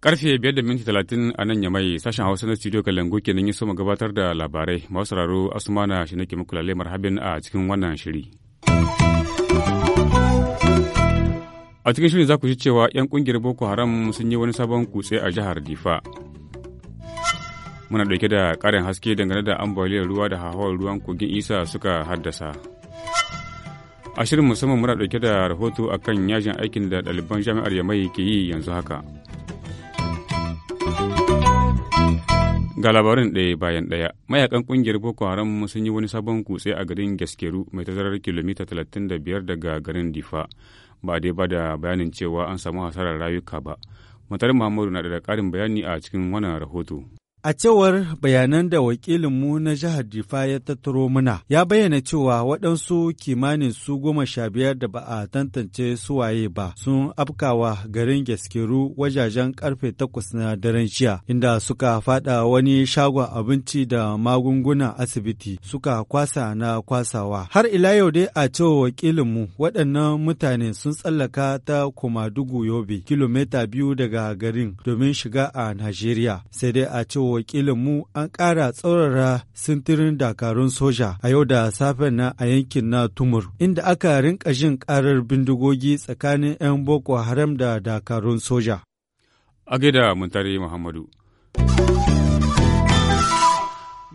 Karfe biyar da minti talatin a nan yamai sashen Hausa na studio Kalangu kenan ya soma gabatar da labarai. Masu raro Asmana shi nake muku lalle marhabin a cikin wannan shiri. A cikin shirin za ku ji cewa 'yan kungiyar Boko Haram sun yi wani sabon kutse a jihar Difa. muna dauke da ƙarin haske dangane da ambaliyar ruwa da hawar ruwan kogin isa suka haddasa a shirin musamman muna dauke da rahoto a kan yajin aikin da ɗaliban jami'ar yamai ke yi yanzu haka ga labarin ɗaya bayan ɗaya mayakan ƙungiyar boko haram sun yi wani sabon kutse a garin gaskeru mai tazarar kilomita 35 daga garin difa ba dai ba da bayanin cewa an samu hasarar rayuka ba matar muhammadu na da ƙarin bayani a cikin wannan rahoto A cewar bayanan da wakilinmu na jihar Difa ya tattaro muna, ya bayyana cewa waɗansu kimanin su goma sha biyar da ba a tantance suwaye ba sun afkawa garin Gaskeru wajajen karfe takwas na daren jiya, inda suka fada wani shagon abinci da magunguna asibiti suka kwasa na kwasawa. Har ila yau dai a cewar wakilinmu waɗannan mutane sun tsallaka ta Kumadugu Yobe, kilomita biyu daga garin domin shiga a Najeriya, sai dai a cewa wakilin mu an ƙara tsaurara sintirin dakarun soja a yau da safen na a yankin na Tumur, inda aka rinka jin ƙarar bindigogi tsakanin 'yan Boko Haram da dakarun soja. A Muntari Muhammadu.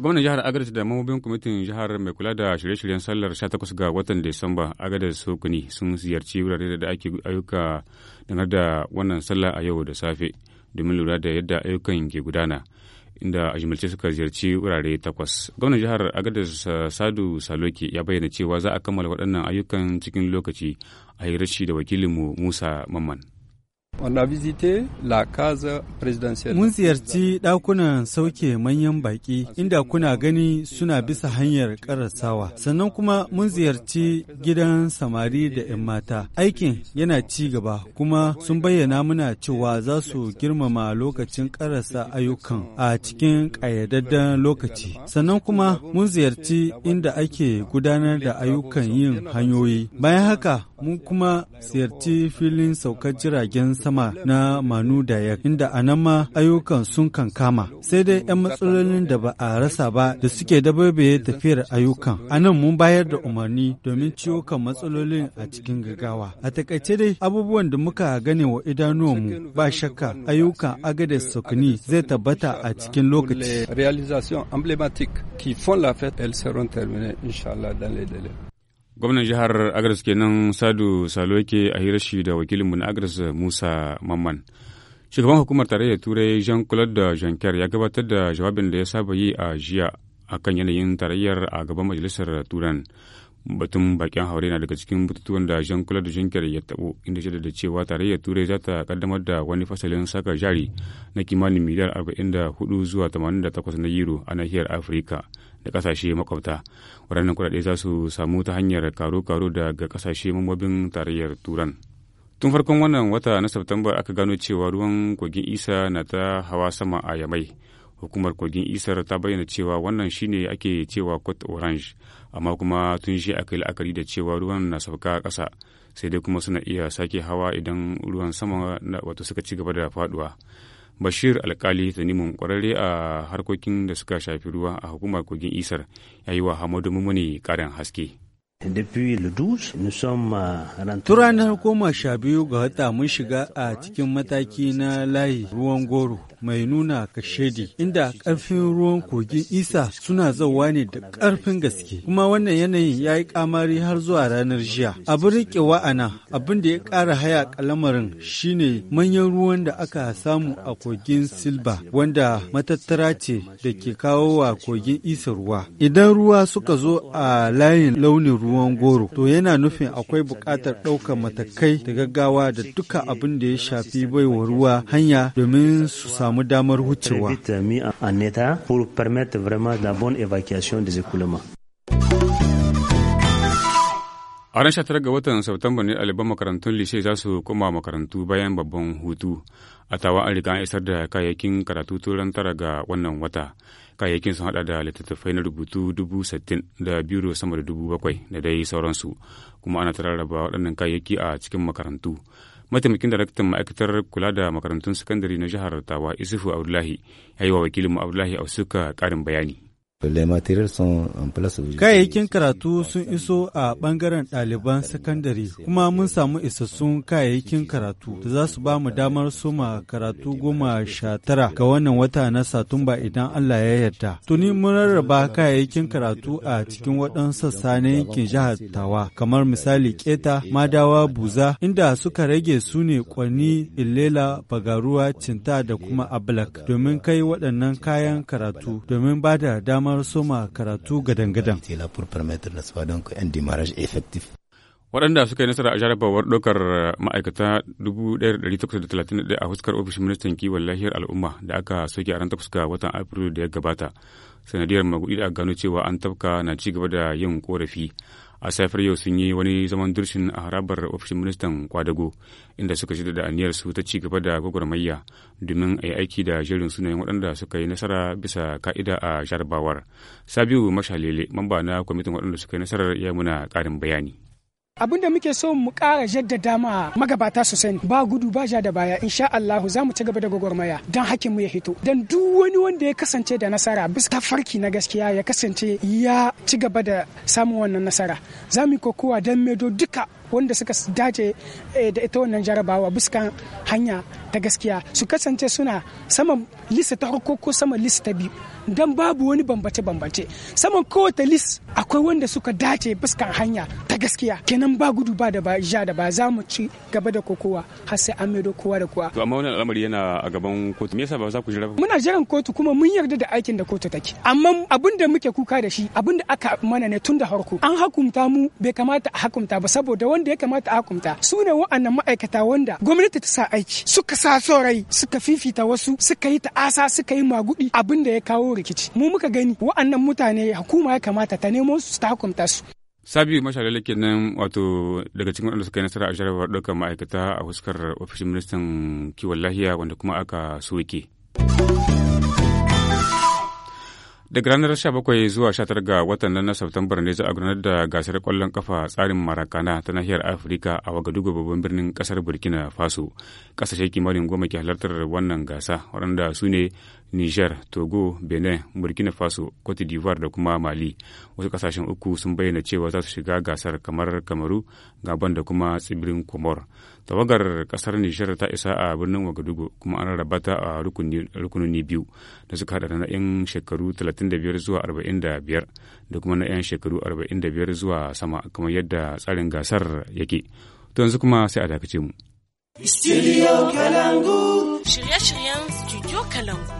gwamnan jihar agadez da mamobin kwamitin jihar mai kula da shirye-shiryen sallar 18 ga watan disamba agadez sokuni sun ziyarci wurare da ake ayyuka dangane da wannan sallah a yau da safe domin lura da yadda ayyukan ke gudana inda a jimilce suka ziyarci wurare takwas. Gwamnan jihar Agadez uh, Sadu Saloke ya bayyana cewa za a kammala waɗannan ayyukan cikin lokaci a hirarci da wakilinmu Musa Mamman. Mun ziyarci ɗakunan sauke manyan baƙi inda kuna gani suna bisa hanyar ƙarasawa. Sannan kuma mun ziyarci gidan samari da 'yan mata. Aikin yana ci gaba kuma sun bayyana muna cewa za su girmama lokacin ƙarasa ayyukan a cikin ƙayyadadden lokaci. Sannan kuma mun ziyarci inda ake gudanar da ayyukan yin hanyoyi. Bayan haka mun kuma ziyarci filin saukar jiragen sama. sama na Manu daya inda a nan ma ayyukan sun kankama. Sai dai 'yan matsalolin da ba a rasa ba da suke dabaibaye tafiyar ayyukan. A nan mun bayar da umarni domin ciwo kan matsalolin a cikin gaggawa. A takaice dai abubuwan da muka gane wa idanuwanmu ba shakka ayyukan agade Sokni zai tabbata a cikin lokaci. emblématique qui font la fête, elles seront gwamnan jihar agres kenan sadu saloke a hirashi da wakilinmu na agres musa mamman shugaban hukumar tarayyar turai jean claude jean ya gabatar da jawabin da ya saba yi a jiya akan yanayin tarayyar a gaban majalisar turan batun bakin haure na daga cikin bututuwan da jean claude jean ya tabo inda shaida da cewa tarayyar turai za ta kaddamar da wani fasalin saka jari na kimanin miliyar 44 zuwa 88 na euro a nahiyar afirka da kasashe makwabta waɗannan kuɗaɗe za su samu ta hanyar karo-karo daga kasashe mambobin tarayyar turan tun farkon wannan wata na september aka gano cewa ruwan kogin isa na ta hawa sama a yamai hukumar kogin isar ta bayyana cewa wannan shine ake cewa cote orange amma kuma tun shi aka yi la'akari da cewa ruwan na sauka ƙasa sai dai kuma suna iya sake hawa idan ruwan sama wato suka ci gaba da faduwa bashir alkali tanimun kwararre a harkokin da suka shafi ruwa a hukumar kogin isar ya yi wa hamadu mummuni karin haske Euh, Turan ranar koma sha biyu ga wata mun shiga a cikin mataki na layi ruwan goro mai nuna kashedi inda ƙarfin ruwan kogin isa suna zauwa ne da ƙarfin gaske kuma wannan yanayin ya yi kamari har zuwa ranar jiya abin riƙe ana abin da ya ƙara haya kalamarin shine manyan ruwan da aka samu a kogin silba wanda matattara ce da ke kawo wa kogin isa ruwa idan ruwa suka zo a layin launin ruwa ruwan goro to yana nufin akwai buƙatar ɗaukar matakai da gaggawa da duka abin da ya shafi baiwa ruwa hanya domin su samu damar wucewa. A ran tara ga watan Satumba ne ɗaliban makarantun lise za su koma makarantu bayan babban hutu. A tawa an riga an isar da kayayyakin karatu turan tara ga wannan wata. Kayayyakin sun haɗa da littattafai na rubutu dubu sittin da biro sama da dubu bakwai da dai sauransu. Kuma ana tararraba waɗannan kayayyaki a cikin makarantu. Mataimakin daraktan ma'aikatar kula da makarantun sakandare na jihar Tawa Isufu Abdullahi ya yi wa wakilinmu Abdullahi Ausuka ƙarin bayani. Kayayyakin karatu sun iso a ɓangaren ɗaliban sakandare kuma mun samu isassun kayayyakin karatu da za su ba mu damar soma karatu goma sha tara ga wannan wata na Satumba idan Allah ya yarda. Tuni mun rarraba kayayyakin karatu a cikin waɗansu sassa na yankin jihar Tawa kamar misali Keta, Madawa, Buza inda suka rage su ne Kwani, Ilela, Bagaruwa, Cinta da kuma Ablak domin kai waɗannan kayan karatu domin ba da damar damar soma karatu gadan-gadan. waɗanda suka yi nasara a jarabawar ɗaukar ma'aikata 1,831 a fuskar ofishin ministan kiwon lahiyar al'umma da aka soke a ran takwas ga watan afrilu da ya gabata sanadiyar magudi da aka gano cewa an tafka na ci gaba da yin korafi a safiyar yau sun yi wani zaman durshin a harabar ofishin ministan kwadago inda suka shida da aniyar su ta ci gaba da gwagwarmayya domin a yi aiki da jerin sunayen waɗanda suka yi nasara bisa ka'ida a jarabawar sabiu mashalele mamba na kwamitin waɗanda suka yi nasarar ya muna ƙarin bayani abinda muke so mu ƙara jaddada ma magabata su sani ba gudu ba ja da baya insha Allah za mu ci gaba da gwagwarmaya Dan hakkin mu ya hito dan duk wani wanda ya kasance da nasara bisa farki na gaskiya ya kasance ya ci gaba da samun wannan nasara za mu yi kokowa don medo duka wanda suka dace eh, da ita wannan jarabawa buskan hanya ta gaskiya su kasance suna saman lista ta harko ko saman lista ta biyu don babu wani bambance-bambance saman kowace lis akwai wanda suka dace buskan hanya ta gaskiya kenan ba gudu ba da ba ja da ba za mu ci gaba da kokowa har sai an maido kowa da kowa to amma wannan al'amari yana a gaban kotu me yasa ba za ku jira muna jiran kotu kuma mun yarda da aikin da kotu take amma abin da muke kuka da shi abin da aka mana ne tun da harko an hukunta mu bai kamata a hukunta ba saboda wani wanda ya kamata a hukunta su ne wa'annan ma'aikata wanda gwamnati ta sa aiki suka sa rai suka fifita wasu suka yi ta asa suka yi magudi abin da ya kawo rikici mu muka gani wa'annan mutane hukuma ya kamata ta nemo su ta hukunta su sabi mashalala kenan wato daga cikin waɗanda suka yi nasara a jarrabar ɗaukar ma'aikata a fuskar ofishin ministan kiwon lahiya wanda kuma aka soke. Daga ranar 17 zuwa 19 ga watan nan na Satumbar ne za a gudanar da gasar kwallon kafa tsarin Marakana ta nahiyar Afirka a Wagadugu babban birnin kasar Burkina Faso. Kasashe kimanin goma ke halartar wannan gasa waɗanda su ne Niger, Togo, Benin, Burkina Faso, Cote d'Ivoire da kuma Mali. Wasu kasashen uku sun bayyana cewa za su shiga gasar kamar Kamaru, Gabon da kuma tsibirin Komor. Tawagar kasar Niger ta isa a birnin Wagadugu kuma an rabata ta a rukunoni biyu da suka hada na 'yan shekaru 35 zuwa 45 da kuma na 'yan shekaru 45 zuwa sama kamar yadda tsarin gasar yake. To yanzu kuma sai a dakace mu. Studio Kalangu. Shirye-shiryen Studio Kalangu.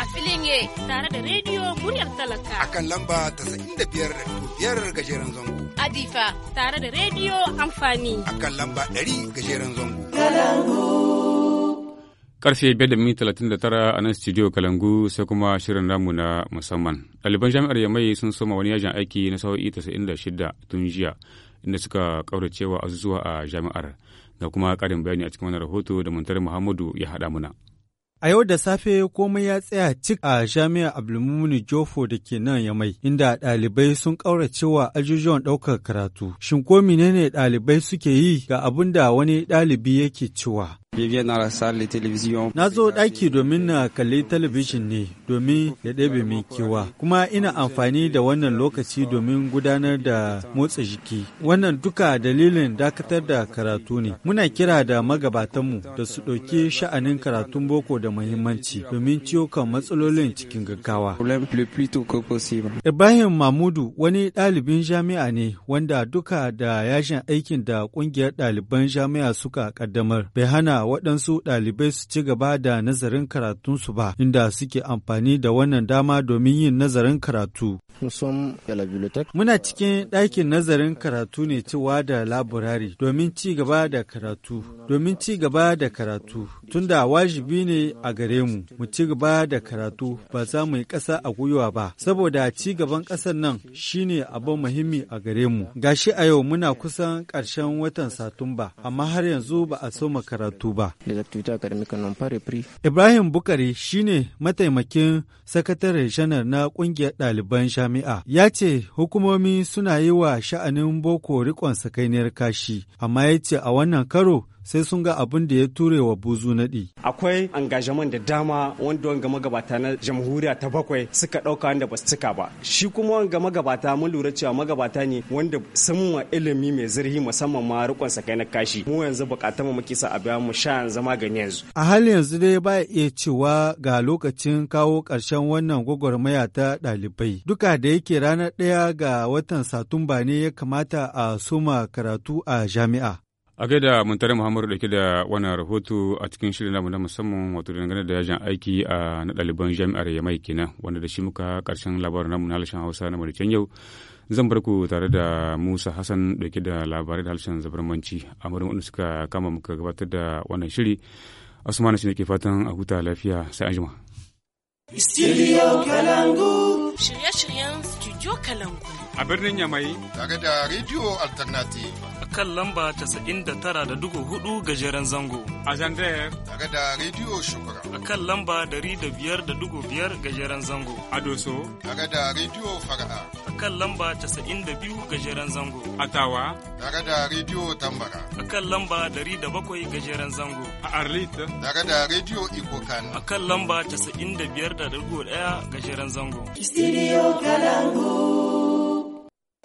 a filin ye tare da rediyo muryar talaka. A kan lamba ta da biyar da biyar gajeren zango. Adifa tare da rediyo amfani. A kan lamba ɗari gajeren zango. Kalangu. Karfe biyar da minti talatin da tara a nan studio Kalangu sai kuma shirin namu na musamman. Ɗaliban jami'ar Yamai sun soma wani yajin aiki na sa'o'i tasa'in da shida tun jiya inda suka ƙauracewa azuzuwa a jami'ar. Ga kuma karin bayani a cikin wani rahoto da muntar Muhammadu ya haɗa muna. A yau da safe komai ya tsaya cik a jami'ar Abdulmumunu Jofo da ke nan ya mai, inda ɗalibai sun ƙauracewa ajujuwan ɗaukar karatu. Shin ko menene ɗalibai suke yi ga abin da wani ɗalibi yake cewa? Na zo ɗaki domin na kalli talabijin ne domin ya ɗebe min kewa, kuma ina amfani da wannan lokaci domin gudanar da motsa jiki. Wannan duka dalilin dakatar da karatu ne. Muna kira da magabatanmu da su ɗauki sha'anin karatun boko da muhimmanci domin ciyo kan matsalolin cikin gaggawa. Ibrahim Mahmudu wani ɗalibin jami'a ne wanda duka da yashin aikin da ƙungiyar ɗaliban jami'a suka ƙaddamar bai hana waɗansu ɗalibai su ci gaba da nazarin karatunsu ba, inda suke amfani da wannan dama domin yin nazarin karatu. Muna cikin ɗakin nazarin karatu ne cewa da laburari domin ci gaba da karatu, domin ci gaba da karatu, tunda wajibi ne a gare mu, mu ci gaba da karatu ba za mu yi ƙasa a gwiwa ba, saboda ci gaban ƙasar nan shine abin muhimmi a gare mu. Gashi a yau muna kusan ƙarshen watan Satumba, amma har yanzu ba a soma karatu ba. Ibrahim Bukari ne mataimakin sakatare shanar na kungiyar ɗaliban jami'a. Ya ce hukumomi suna yi wa sha'anin boko rikon sakainiyar kashi, amma ya ce a wannan karo sai sun ga abin da ya ture wa buzu naɗi. Akwai angajaman da dama wanda wanga magabata na jamhuriya ta bakwai suka ɗauka wanda ba su cika ba. Shi kuma wanga magabata mun lura cewa magabata ne wanda sun ma ilimi mai zurfi musamman ma rikon kai na kashi. Mu yanzu bukatun mu muke sa a biya mu sha yanzu magani yanzu. A hali yanzu dai ba iya cewa ga lokacin kawo karshen wannan gwagwarmaya ta ɗalibai. Duka da yake ranar ɗaya ga watan Satumba ne ya kamata a soma karatu a jami'a. a gaida muntare muhammadu dauke da wannan rahoto a cikin shirin namu na musamman wato dangane da yajin aiki a na ɗaliban jami'ar yamai kenan wanda da shi muka karshen labarin namu na harshen hausa na maricen yau zan bar ku tare da musa hassan dauke da labarai da harshen zabarmanci a murin wanda suka kama muka gabatar da wannan shiri asmanu shi ke fatan a huta lafiya sai anjima. Studio Kalangu. Radio Kalangu. A birnin Yamai. Tare da Radio Alternative. A kan lamba tara da dugu hudu gajeren zango. A Zandayar. Tare da Radio Shukura. A kan lamba dari da da biyar dugu biyar gajeren zango. A Doso. Tare da Radio Fara'a. akan lamba 92 gajeren zango. A Tawa. Tare da Radio Tambara. a kan lamba 107 gajeren zango. A Arlita. Tare da Radio Ikokan. kan lamba 95.1 gajeren zango. Studio Kalangu.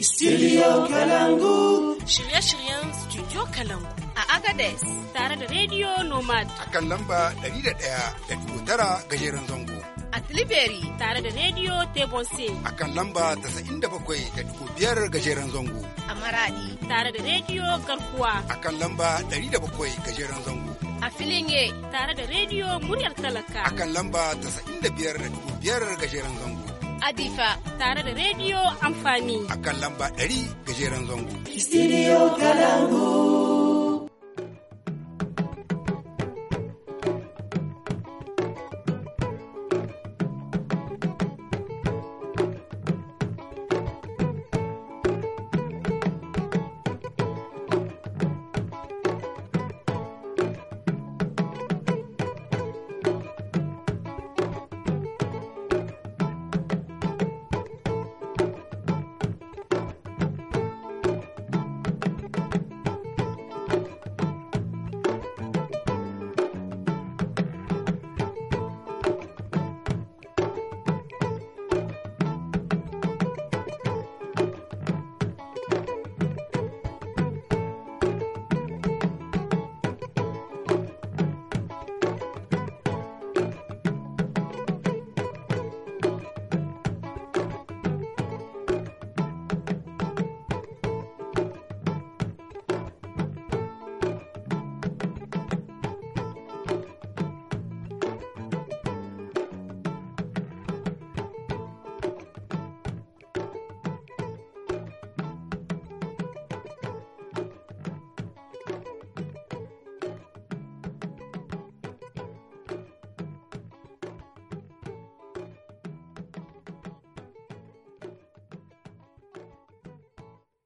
Studio Kalangu. Shirye-shiryen Studio Kalangu. A Agades. Tare da Radio Nomad. a kan lamba 101.9 gajeren zango. a Tilibiri tare da Radio Tebose. A kan lamba da da bakwai biyar gajeren zango. A Maradi tare da Radio Garkuwa. A kan lamba dari da bakwai gajeren zango. A Filinge tare da Radio Muryar Talaka. A kan lamba da da biyar biyar gajeren zango. A Difa tare da Radio Amfani. A kan lamba dari gajeren zango. Studio Kalangu.